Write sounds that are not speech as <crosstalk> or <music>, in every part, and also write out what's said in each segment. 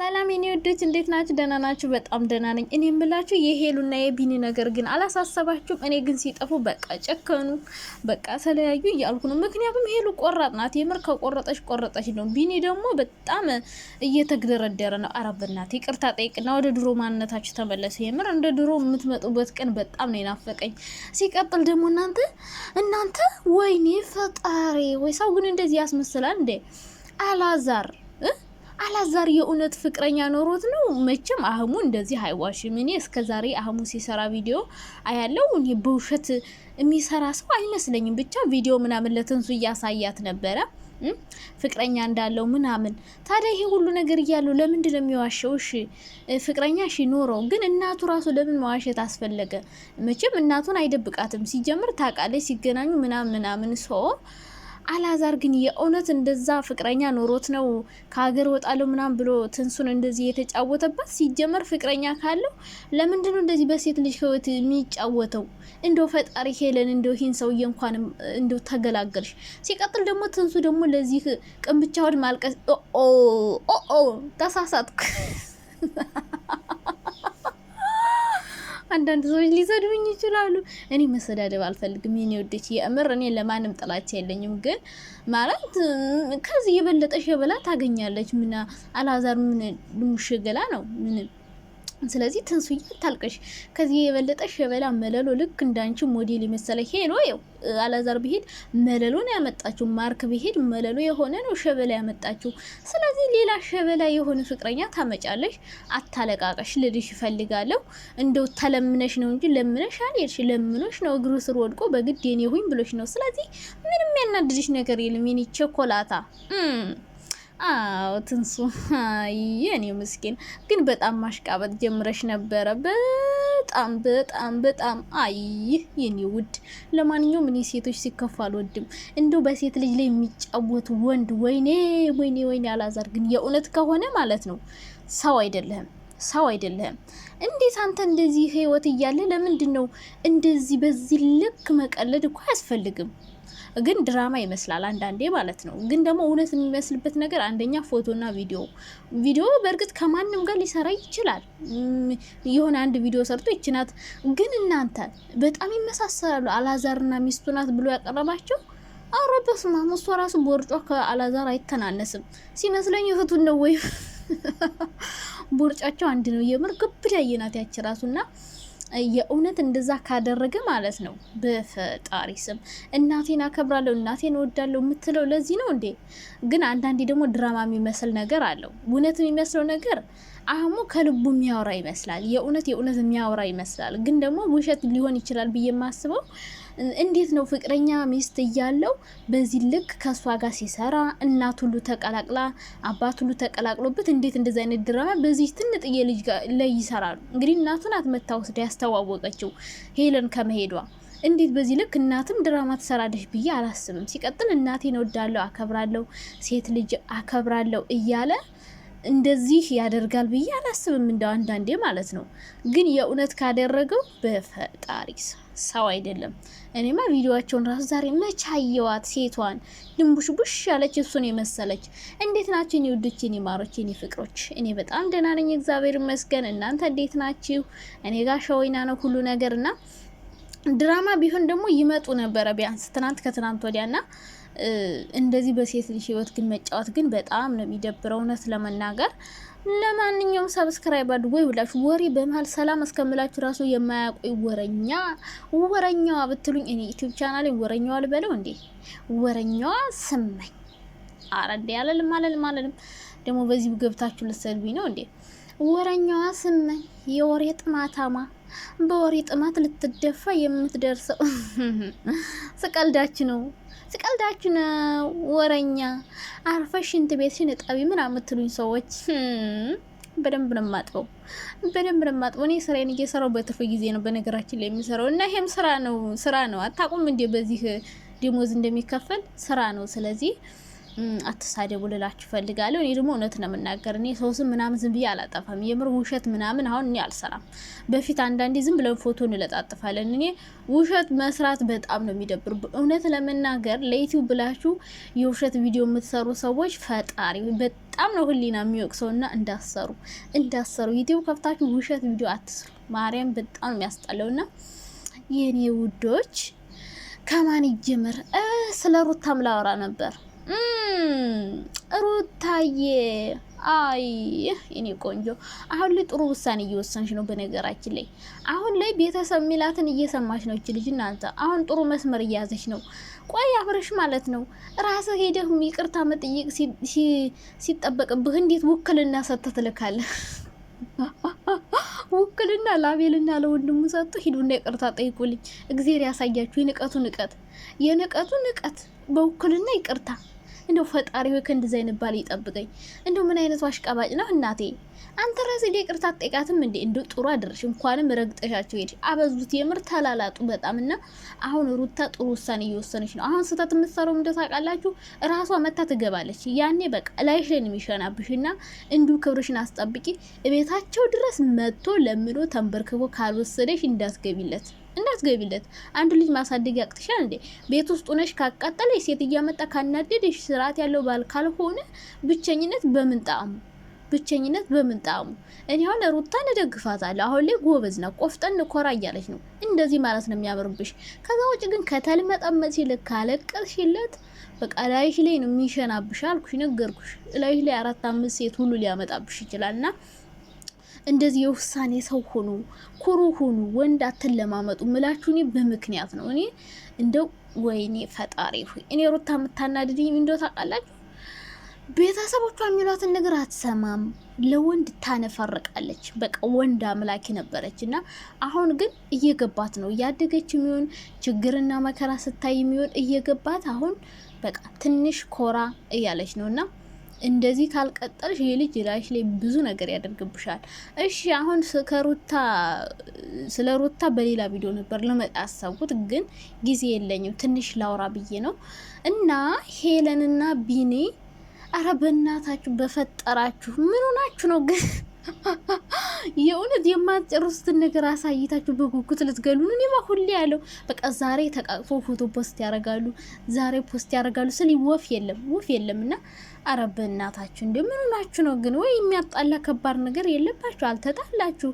ሰላም የኔ ወዶች እንዴት ናችሁ? ደህና ናችሁ? በጣም ደህና ነኝ። እኔ የምላችሁ የሄሉና የቢኒ ነገር ግን አላሳሰባችሁም? እኔ ግን ሲጠፉ በቃ ጨከኑ፣ በቃ ተለያዩ እያልኩ ነው። ምክንያቱም ሄሉ ቆራጥ ናት። የምር ከቆረጠች ቆረጠች ነው። ቢኒ ደግሞ በጣም እየተግደረደረ ነው። አረ በእናትህ ይቅርታ ጠይቅና ወደ ድሮ ማንነታችሁ ተመለሱ። የምር እንደ ድሮ የምትመጡበት ቀን በጣም ነው የናፈቀኝ። ሲቀጥል ደግሞ እናንተ እናንተ ወይኔ ፈጣሪ ወይ ሰው ግን እንደዚህ ያስመስላል እንዴ? አላዛር አላዛር የእውነት ፍቅረኛ ኖሮት ነው? መቼም አህሙ እንደዚህ አይዋሽም። እኔ እስከ ዛሬ አህሙ ሲሰራ ቪዲዮ አያለው። እኔ በውሸት የሚሰራ ሰው አይመስለኝም። ብቻ ቪዲዮ ምናምን ለትንሱ እያሳያት ነበረ ፍቅረኛ እንዳለው ምናምን። ታዲያ ይሄ ሁሉ ነገር እያለው ለምንድን ነው የሚዋሸው? እሺ ፍቅረኛ ሺ ኖረው፣ ግን እናቱ ራሱ ለምን መዋሸት አስፈለገ? መቼም እናቱን አይደብቃትም። ሲጀምር ታውቃለች ሲገናኙ ምናምን ምናምን ሰው አላዛር ግን የእውነት እንደዛ ፍቅረኛ ኖሮት ነው ከሀገር ወጣለው ምናምን ብሎ ትንሱን እንደዚህ የተጫወተበት? ሲጀመር ፍቅረኛ ካለው ለምንድን ነው እንደዚህ በሴት ልጅ ህይወት የሚጫወተው? እንደው ፈጣሪ ሄለን እንደው ይህን ሰውዬ እንኳን እንደው ተገላገልሽ። ሲቀጥል ደግሞ ትንሱ ደግሞ ለዚህ ቅንብቻ ወድ ማልቀስ ኦ ኦ ተሳሳትኩ አንዳንድ ሰዎች ሊሰድቡኝ ይችላሉ። እኔ መሰዳደብ አልፈልግም። ይህን ወደች የእምር እኔ ለማንም ጥላቻ የለኝም። ግን ማለት ከዚህ የበለጠ ሸበላ ታገኛለች። ምና አላዛር ምን ልሙሽ ገላ ነው ምንም ስለዚህ ትንሱዬ አታልቀሽ። ከዚህ የበለጠ ሸበላ መለሎ ልክ እንዳንቺ ሞዴል የመሰለ ሄሎ ው አላዛር ብሄድ መለሎን ነው ያመጣችው። ማርክ ብሄድ መለሎ የሆነ ነው ሸበላ ያመጣችው። ስለዚህ ሌላ ሸበላ የሆነ ፍቅረኛ ታመጫለሽ። አታለቃቀሽ ልልሽ ይፈልጋለሁ። እንደው ተለምነሽ ነው እንጂ ለምነሽ አልሄድሽ። ለምኖሽ ነው እግሩ ስር ወድቆ በግድ የኔ ሁኝ ብሎሽ ነው። ስለዚህ ምንም ያናድድሽ ነገር የለም የኔ ቸኮላታ አዎ ትንሱ የኔ ምስኪን ግን በጣም ማሽቃበጥ ጀምረሽ ነበረ። በጣም በጣም በጣም አይ የኔ ውድ። ለማንኛውም እኔ ሴቶች ሲከፋ አልወድም። እንደው በሴት ልጅ ላይ የሚጫወት ወንድ ወይኔ ወይኔ ወይኔ። አላዛር ግን የእውነት ከሆነ ማለት ነው ሰው አይደለህም ሰው አይደለህም። እንዴት አንተ እንደዚህ ህይወት እያለ ለምንድን ነው እንደዚህ በዚህ ልክ መቀለድ? እኮ አያስፈልግም። ግን ድራማ ይመስላል አንዳንዴ ማለት ነው። ግን ደግሞ እውነት የሚመስልበት ነገር አንደኛ ፎቶና ቪዲዮ ቪዲዮ በእርግጥ ከማንም ጋር ሊሰራ ይችላል። የሆነ አንድ ቪዲዮ ሰርቶ ይችናት ግን እናንተ በጣም ይመሳሰላሉ። አላዛርና ሚስቱ ናት ብሎ ያቀረባቸው አረ በስመ አብ እሷ ራሱ ቦርጯ ከአላዛር አይተናነስም ሲመስለኝ እህቱን ነው ወይም <laughs> ቦርጫቸው አንድ ነው። የምር ግብዳ የናት ያች ራሱና የእውነት እንደዛ ካደረገ ማለት ነው በፈጣሪ ስም እናቴን አከብራለሁ እናቴን እወዳለሁ የምትለው ለዚህ ነው እንዴ? ግን አንዳንዴ ደግሞ ድራማ የሚመስል ነገር አለው። እውነት የሚመስለው ነገር አህሙ ከልቡ የሚያወራ ይመስላል። የእውነት የእውነት የሚያወራ ይመስላል። ግን ደግሞ ውሸት ሊሆን ይችላል ብዬ የማስበው እንዴት ነው ፍቅረኛ ሚስት እያለው በዚህ ልክ ከእሷ ጋር ሲሰራ እናት ሁሉ ተቀላቅላ አባት ሁሉ ተቀላቅሎበት እንዴት እንደዚ አይነት ድራማ በዚህ ትንጥዬ ልጅ ላይ ይሰራሉ? እንግዲህ እናቱን አትመታ ወስዳ ያስተዋወቀችው ሄለን ከመሄዷ እንዴት በዚህ ልክ እናትም ድራማ ትሰራለች ብዬ አላስብም። ሲቀጥል እናቴን እወዳለሁ፣ አከብራለሁ፣ ሴት ልጅ አከብራለሁ እያለ እንደዚህ ያደርጋል ብዬ አላስብም። እንደው አንዳንዴ ማለት ነው። ግን የእውነት ካደረገው በፈጣሪ ሰው አይደለም። እኔማ ቪዲዮቸውን ራሱ ዛሬ መች አየዋት? ሴቷን ቡሽ ያለች እሱን የመሰለች። እንዴት ናቸው? እኔ ውዶች፣ እኔ ማሮች፣ እኔ ፍቅሮች? እኔ በጣም ደህና ነኝ እግዚአብሔር ይመስገን። እናንተ እንዴት ናችሁ? እኔ ጋር ሸወይና ነው ሁሉ ነገር እና ድራማ ቢሆን ደግሞ ይመጡ ነበረ ቢያንስ ትናንት ከትናንት ወዲያ ና እንደዚህ በሴት ልጅ ህይወት ግን መጫወት ግን በጣም ነው የሚደብረው እውነት ለመናገር። ለማንኛውም ሰብስክራይብ አድርጉ ይብላችሁ። ወሬ በመሀል ሰላም እስከምላችሁ ራሱ የማያውቁ ወረኛ ወረኛዋ ብትሉኝ እኔ ዩቲዩብ ቻናል ወረኛዋ ልበለው እንዴ? ወረኛዋ ስመኝ አረዴ አለልም አለልም አለልም። ደግሞ በዚህ ገብታችሁ ልትሰድቡኝ ነው እንዴ? ወረኛዋ ስመኝ የወሬ ጥማታማ በወሬ ጥማት ልትደፋ የምትደርሰው <laughs> ስቀልዳች ነው። ስቀልዳችሁ ነው። ወረኛ አርፈሽ ሽንት ቤትሽን እጠቢ ምን የምትሉኝ ሰዎች በደንብ ነው የማጥበው፣ በደንብ ነው የማጥበው። እኔ ስራዬን እየሰራው በትርፍ ጊዜ ነው በነገራችን ላይ የሚሰራው እና ይሄም ስራ ነው፣ ስራ ነው። አታቁም እንዴ በዚህ ደሞዝ እንደሚከፈል ስራ ነው። ስለዚህ አትሳደቡ ልላችሁ ፈልጋለሁ። እኔ ደግሞ እውነት ነው የምናገር። እኔ ሰውስም ምናምን ዝም ብዬ አላጠፋም። የምር ውሸት ምናምን አሁን እኔ አልሰራም። በፊት አንዳንዴ ዝም ብለን ፎቶ እንለጣጥፋለን። እኔ ውሸት መስራት በጣም ነው የሚደብር። እውነት ለመናገር ለዩቲዩብ ብላችሁ የውሸት ቪዲዮ የምትሰሩ ሰዎች ፈጣሪ በጣም ነው ህሊና የሚወቅሰውና እንዳሰሩ እንዳሰሩ ዩቲዩብ ከፍታችሁ ውሸት ቪዲዮ አትስሩ። ማርያም በጣም የሚያስጠላውና የእኔ ውዶች ከማን ይጀምር? ስለ ሩታም ላወራ ነበር ሩታዬ አይ እኔ ቆንጆ አሁን ላይ ጥሩ ውሳኔ እየወሰንሽ ነው። በነገራችን ላይ አሁን ላይ ቤተሰብ ሚላትን እየሰማሽ ነው። እች ልጅ እናንተ አሁን ጥሩ መስመር እያያዘች ነው። ቆይ አብረሽ ማለት ነው ራስ ሄደህ ይቅርታ መጠየቅ ሲጠበቅብህ እንዴት ውክልና ሰጥተህ ትልካለህ? <laughs> ውክልና ለአቤልና ለወንድሙ ሰጡ። ሂዱና ይቅርታ ጠይቁልኝ። እግዜር ያሳያችሁ የንቀቱ ንቀት፣ የንቀቱ ንቀት በውክልና ይቅርታ እንደው ፈጣሪ ሆይ ከእንደዚህ አይነት ባል ይጠብቀኝ። እንደው ምን አይነቱ አሽቃባጭ ነው እናቴ! አንተ ራስህ ይቅርታ አትጠይቃትም እንዴ? እንደው ጥሩ አደረሽ። እንኳንም ረግጠሻቸው ሄድሽ። አበዙት፣ የምር ተላላጡ በጣም እና አሁን ሩታ ጥሩ ውሳኔ እየወሰነች ነው። አሁን ስህተት የምትሰራው እንደው ታውቃላችሁ፣ ራሷ መታ ትገባለች። ያኔ በቃ ላይሽ ላይ ነው የሚሸናብሽ። እና እንዲሁ ክብርሽን አስጠብቂ። እቤታቸው ድረስ መጥቶ ለምኖ ተንበርክቦ ካልወሰደሽ እንዳትገቢለት። እንዳትገቢለት። አንድ ልጅ ማሳደግ ያቅትሻል እንዴ? ቤት ውስጥ ሆነሽ ካቃጠለ ሴት እያመጣ ካናደደሽ፣ ስርዓት ያለው ባል ካልሆነ ብቸኝነት በምን ጣዕሙ? ብቸኝነት በምን ጣዕሙ? እኔ አሁን ሩታን እደግፋታለሁ። አሁን ላይ ጎበዝ ነው፣ ቆፍጠን ኮራ እያለች ነው። እንደዚህ ማለት ነው የሚያምርብሽ። ከዛ ውጭ ግን ከተልመጠመጥ ሲልክ ካለቀስሽለት በቃ ላይሽ ላይ ነው የሚሸናብሽ። አልኩሽ፣ ነገርኩሽ። ላይሽ ላይ አራት አምስት ሴት ሁሉ ሊያመጣብሽ ይችላል እና እንደዚህ የውሳኔ ሰው ሆኑ፣ ኩሩ ሆኑ፣ ወንድ አትለማመጡ ምላችሁ እኔ በምክንያት ነው። እኔ እንደው ወይኔ ፈጣሪ ሁ እኔ ሩታ የምታናድድኝ እንደው ታውቃላችሁ፣ ቤተሰቦቿ የሚሏትን ነገር አትሰማም፣ ለወንድ ታነፈርቃለች። በቃ ወንድ አምላኪ ነበረች እና አሁን ግን እየገባት ነው እያደገች የሚሆን ችግርና መከራ ስታይ የሚሆን እየገባት አሁን በቃ ትንሽ ኮራ እያለች ነው እና እንደዚህ ካልቀጠልሽ ይሄ ልጅ ላይ ብዙ ነገር ያደርግብሻል። እሺ አሁን ከሩታ ስለ ሩታ በሌላ ቪዲዮ ነበር ለመጣ ያሰብኩት፣ ግን ጊዜ የለኝም ትንሽ ላውራ ብዬ ነው እና ሄለንና ቢኔ አረ በእናታችሁ በፈጠራችሁ ምን ሆናችሁ ነው ግን <laughs> የእውነት የማትጨርሱትን ነገር አሳይታችሁ በጉጉት ልትገሉን። እኔማ ሁሌ ያለው በቃ ዛሬ ተቃቅፎ ፎቶ ፖስት ያደርጋሉ፣ ዛሬ ፖስት ያደርጋሉ ስል ወፍ የለም ወፍ የለም። እና ኧረ በእናታችሁ እንደ ምን ሆናችሁ ነው ግን? ወይ የሚያጣላ ከባድ ነገር የለባችሁ፣ አልተጣላችሁ፣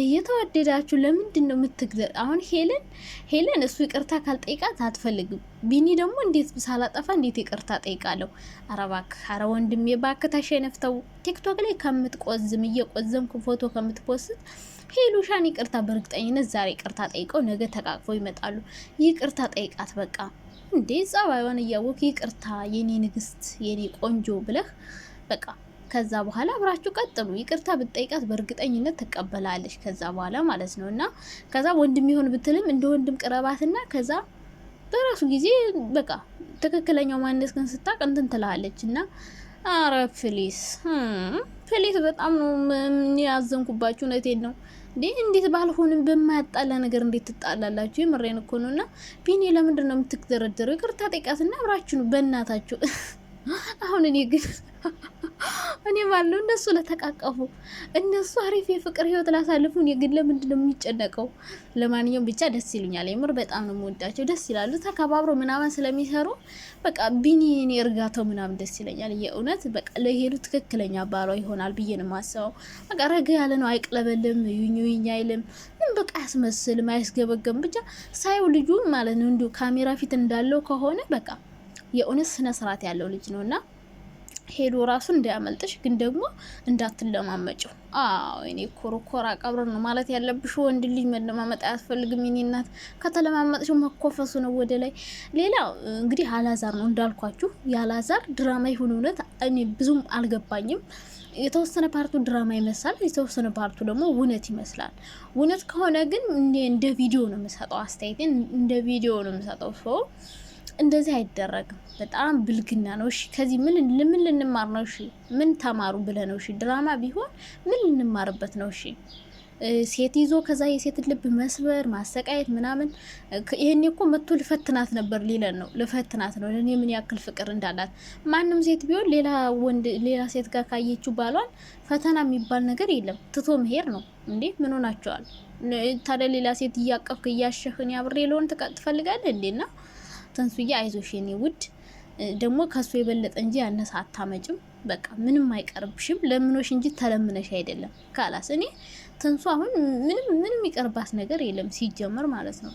እየተዋደዳችሁ ለምንድን ነው የምትግዘር? አሁን ሄለን ሄለን እሱ ይቅርታ ካልጠይቃት አትፈልግም። ቢኒ ደግሞ እንዴት ሳላጠፋ እንዴት ይቅርታ ጠይቃለሁ? አረ እባክህ፣ አረ ወንድሜ እባክህ ተሸነፍተው ቲክቶክ ላይ ከምትቆዝም እየቆዘምኩ ፎቶ ስለምትፖስት ሄሉሻን ይቅርታ በእርግጠኝነት ዛሬ ይቅርታ ጠይቀው ነገ ተቃቅፈው ይመጣሉ። ይቅርታ ጠይቃት በቃ እንዴ ጸባይዋን እያወቅ ይቅርታ የኔ ንግስት፣ የኔ ቆንጆ ብለህ በቃ ከዛ በኋላ አብራችሁ ቀጥሉ። ይቅርታ ብትጠይቃት በእርግጠኝነት ትቀበላለች። ከዛ በኋላ ማለት ነው እና ከዛ ወንድም ይሆን ብትልም እንደ ወንድም ቅረባትና ከዛ በራሱ ጊዜ በቃ ትክክለኛው ማንነት ግን ስታቅ እንትን ትላለች እና አረ ፕሊስ ፕሌት በጣም ነው ያዘንኩባችሁ። እውነቴን ነው እንዴ! እንዴት ባልሆንም በማያጣላ ነገር እንዴት ትጣላላችሁ? የምሬን እኮ ነው። እና ቢኒ ለምንድን ነው የምትደረደረው? ይቅርታ ጠይቃትና አብራችሁ ነው በእናታችሁ አሁን እኔ ግን <laughs> እኔ ማለት ነው እነሱ ለተቃቀፉ እነሱ አሪፍ የፍቅር ህይወት ላሳልፉ፣ እኔ ግን ለምንድን ነው የሚጨነቀው? ለማንኛውም ብቻ ደስ ይሉኛል፣ የምር በጣም ነው የምወዳቸው። ደስ ይላሉ፣ ተከባብሮ ምናምን ስለሚሰሩ በቃ ቢኒ እኔ እርጋታው ምናምን ደስ ይለኛል። የእውነት በቃ ለሄዱ ትክክለኛ ባሏ ይሆናል ብዬ ነው የማስበው። በቃ ረጋ ያለ ነው፣ አይቅለበልም፣ ዩኝ ዩኝ አይልም፣ ምን በቃ አያስመስልም፣ አያስገበገብም። ብቻ ሳይው ልጁ ማለት ነው እንዲሁ ካሜራ ፊት እንዳለው ከሆነ በቃ የእውነት ስነ ስርዓት ያለው ልጅ ነው እና ሄዶ ራሱ እንዳያመልጥሽ፣ ግን ደግሞ እንዳትለማመጭው። አዎ እኔ ኮረኮራ ቀብር ነው ማለት ያለብሽ። ወንድ ልጅ መለማመጥ አያስፈልግም። የኔ እናት ከተለማመጥሽ መኮፈሱ ነው ወደ ላይ። ሌላ እንግዲህ አላዛር ነው እንዳልኳችሁ። የአላዛር ድራማ ይሁን እውነት እኔ ብዙም አልገባኝም። የተወሰነ ፓርቱ ድራማ ይመስላል፣ የተወሰነ ፓርቱ ደግሞ እውነት ይመስላል። እውነት ከሆነ ግን እንደ ቪዲዮ ነው የምሰጠው አስተያየቴን፣ እንደ ቪዲዮ ነው የምሰጠው ሰው እንደዚህ አይደረግም። በጣም ብልግና ነው። እሺ ከዚህ ምን ምን ልንማር ነው? እሺ ምን ተማሩ ብለ ነው? እሺ ድራማ ቢሆን ምን ልንማርበት ነው? እሺ ሴት ይዞ ከዛ የሴት ልብ መስበር ማሰቃየት ምናምን፣ ይሄን እኮ መጥቶ ልፈትናት ነበር ሊለን ነው። ልፈትናት ነው ለእኔ ምን ያክል ፍቅር እንዳላት። ማንም ሴት ቢሆን ሌላ ወንድ ሌላ ሴት ጋር ካየችው ባሏን ፈተና የሚባል ነገር የለም፣ ትቶ መሄድ ነው እንዴ። ምን ሆናቸዋል ታዲያ? ሌላ ሴት እያቀፍክ እያሸህን ያብሬ ለሆን ትፈልጋለህ እንዴና ተንሱዬ አይዞሽ የኔ ውድ ደግሞ ከሱ የበለጠ እንጂ ያነሰ አታመጭም። በቃ ምንም አይቀርብሽም። ለምኖሽ እንጂ ተለምነሽ አይደለም። ካላስ እኔ ተንሱ አሁን ምንም ምንም ይቀርባት ነገር የለም ሲጀመር ማለት ነው።